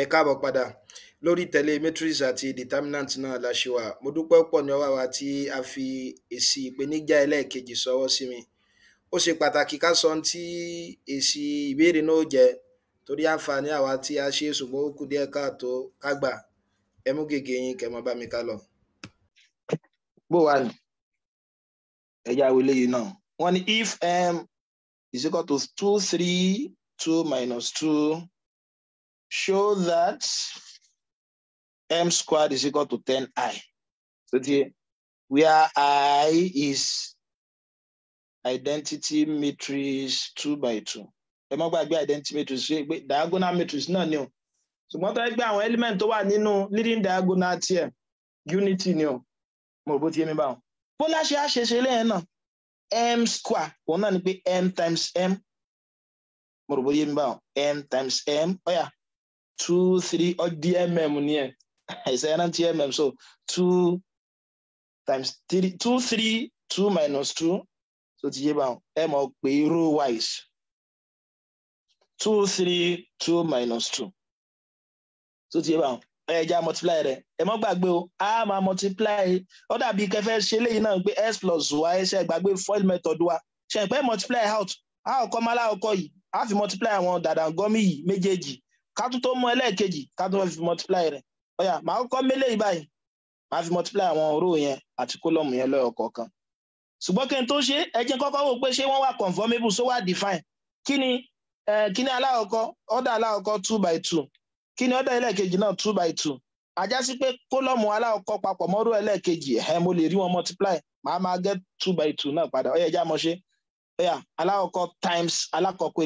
ẹ káàbọ̀ padà lórí tẹ̀lé matrix àti determinant náà la ṣe wà mo dúpẹ́ pọ̀ ní ọwọ́ wa tí a fi èsì ìpèníjà ẹlẹ́ẹ̀kejì sọwọ́ sí mi ó ṣe pàtàkì ká sọ tí èsì ìbéèrè náà jẹ torí àǹfààní àwa tí a ṣe ṣùgbọ́n ó kù díẹ̀ káàtó ká gbà ẹ mú gègé yín kẹ́ bá mi ká lọ. bó wà ní ẹ̀yà àwọn eléyìí náà wọ́n ní if m is equal to two three two minus two show that m squared is equal to 10i. So the, where i is identity matrix two by two. Ẹ má gbàgbé identity matrix pé diagonal matrix náà ni o. Ṣùgbọ́n tó gbé àwọn element tó wà nínú leading diagonal tiẹ̀ unity ni o. Mo rò bó ti yé mi báwọn. Bólá ṣe àṣeṣe lẹ́yìn náà m square òun náà ni pé m times m. Mo rò bó yé mi báwọn m times m. Ó Oh, yeah two three ọdí oh, mm ní ẹ ẹsẹ ẹ rántí mm so two times three two three two minus two so ti yé báwọn ẹ mọ̀ pé row wise two three two minus two so ti yé báwọn ẹ multiply rẹ ẹ mọ̀ gbàgbé o a máa multiply ó dàbí kẹfẹ ṣe léyìn náà pé x plus y ṣe gbàgbé FOIL method wa ṣe pé multiply out a ò kọ́ mọ́lá ọkọ yìí a fi multiply àwọn dàdàngọ́mì yìí méjèèjì kátó tó mú ẹlẹ́ẹ̀kejì kátó wọn fi multiply rẹ̀ ọ̀yà màá kọ́kọ́ mélé yìí báyìí màá fi multiply àwọn ró yẹn àti kólọ́mù yẹn lọ́yọ̀ kọ̀ọ̀kan ṣùgbọ́n kí n tó ṣe ẹ jẹ́ kọ́kọ́ wò pé ṣé wọ́n wà conformable so wà define kí ni kí ni alákọ̀ọ́kọ́ order alákọ̀ọ́kọ́ two by two kí ni order ẹlẹ́ẹ̀kejì náà two by two ajá sí pé kólọ́mù alákọ̀ọ́kọ́ papọ̀ mọ́rú ẹlẹ́ẹ̀kejì ẹ̀ mo lè rí wọn multiply màá máa get two by two náà padà ó yẹ ẹja mọ̀ ṣe ó yá alákọ̀ọ́kọ́ times alákọ̀ọ́kọ́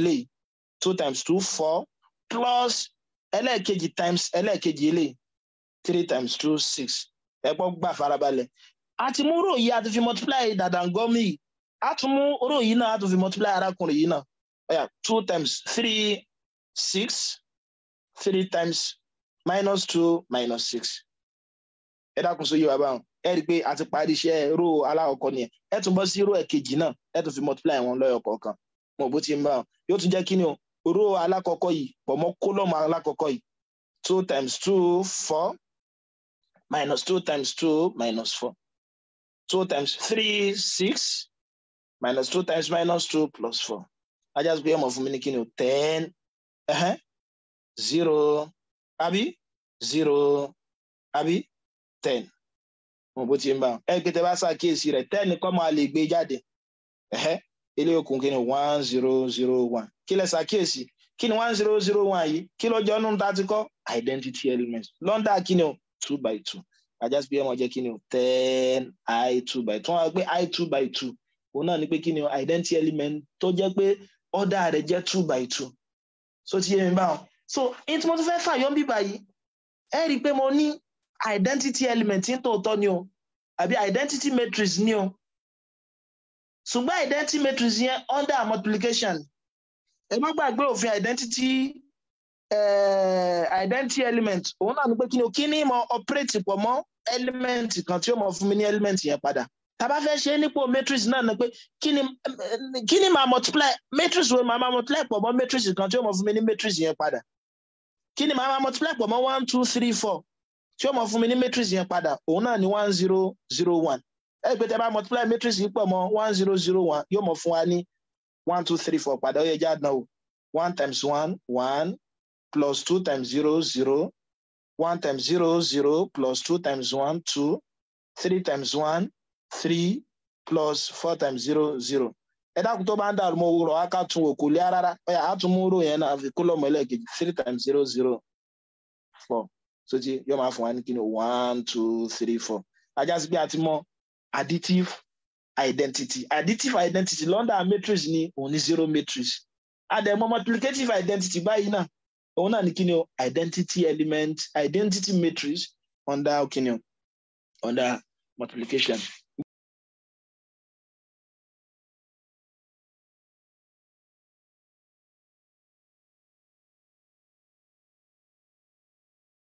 two times two four plus ẹlẹ́ẹ̀kejì times ẹlẹ́ẹ̀kejì eléyìí three times two six ẹ̀pọ̀ gbà farabalẹ̀ àti mú ròyìn àti fi multiply dàdàngọ́mì yìí a tún mú ròyìn náà a tún fi multiply arákùnrin yìí náà ọ̀yà two times three six three times minus two minus six ẹ dákun sóyè wàá báwọn ẹ rí i pé a ti parí iṣẹ́ ró alákọ̀ọ́kọ́ nìyẹn ẹ tún bọ́ sí ró ẹ̀kejì náà ẹ tún fi multiply wọn lọ́yọ̀ kọ̀ọ̀kan mo bó ti ń bá wọn yóò tún jẹ́ kí ni o ró alákọ̀ọ́kọ́ yìí pọ̀ mọ́ kólọ́mù alákọ̀ọ́kọ́ yìí two times two four minus two times two minus four two times three six minus two times minus two plus four ajásùgbé ọmọ fún mi ní kíni o ten uh-huh. zero Abi zero Abi ten mo bó ti ń bá ẹ gbé tẹ bá ṣàkíyèsí rẹ ten kọ́ máa lè gbé jáde. Uh-huh eléyìí okùn kí ni one zero zero one kí lẹ ṣàkíyèsí kí ni one zero zero one yìí kí ló jẹ́ ọ́nù tá kọ́ identity element lọ́ndà kí ni o two by two ajásí pé ẹ máa jẹ́ kí ni o ten i two by two wọ́n á pé i two by two òun náà ni pé kí ni o identity element tó jẹ́ pé ọ̀dà rẹ̀ jẹ́ two by two so ti yé mi báwọn so ní tí mo tún fẹ́ fàyọ́ bíbá yìí ẹ rí i pé mo ní identity element ní tòótọ́ ni o àbí identity matrix ni o ṣùgbọ́n identity matrix yẹn under multiplication ẹ má gbàgbé òfin identity uh, identity element òun náà ni pé kí ni o kí ni mo operate pọ̀ mọ́ element kan tí ó mọ̀ fún mi ní element yẹn padà tá a bá fẹ́ ṣe é nípò matrix náà ni pé kí ni kí multiply matrix wo màá máa multiply pọ̀ mọ́ matrix kan tí ó mọ̀ fún mi ní matrix yẹn padà kí ni màá máa multiply pọ̀ mọ́ one two three four tí ó mọ̀ fún mi ní matrix yẹn padà òun náà ni one zero zero one ẹ gbé tẹ bá multiply matrix yìí pọ̀ mọ́ one zero zero one yóò mọ̀ fún wa ní one two three four padà ó yẹ já dán one times one one plus two times zero zero one times zero zero plus two times one two three times one three plus four times zero zero ẹ dákun tó bá ń dàrú mo rọ aka tún wò kò lé rárá ọyà á tún mú rò yẹn náà fi kólọmù ẹlẹ́ẹ̀kejì three times zero zero four sotí yóò máa fún wa ní kíni one two three four ajá sí pé a ti mọ additive identity additive identity London matrix ni òun ní zero matrix àdẹ̀mọ́ multiplicative identity báyìí náà òun náà ní kí ni o identity element identity matrix under kí ni o under multiplication.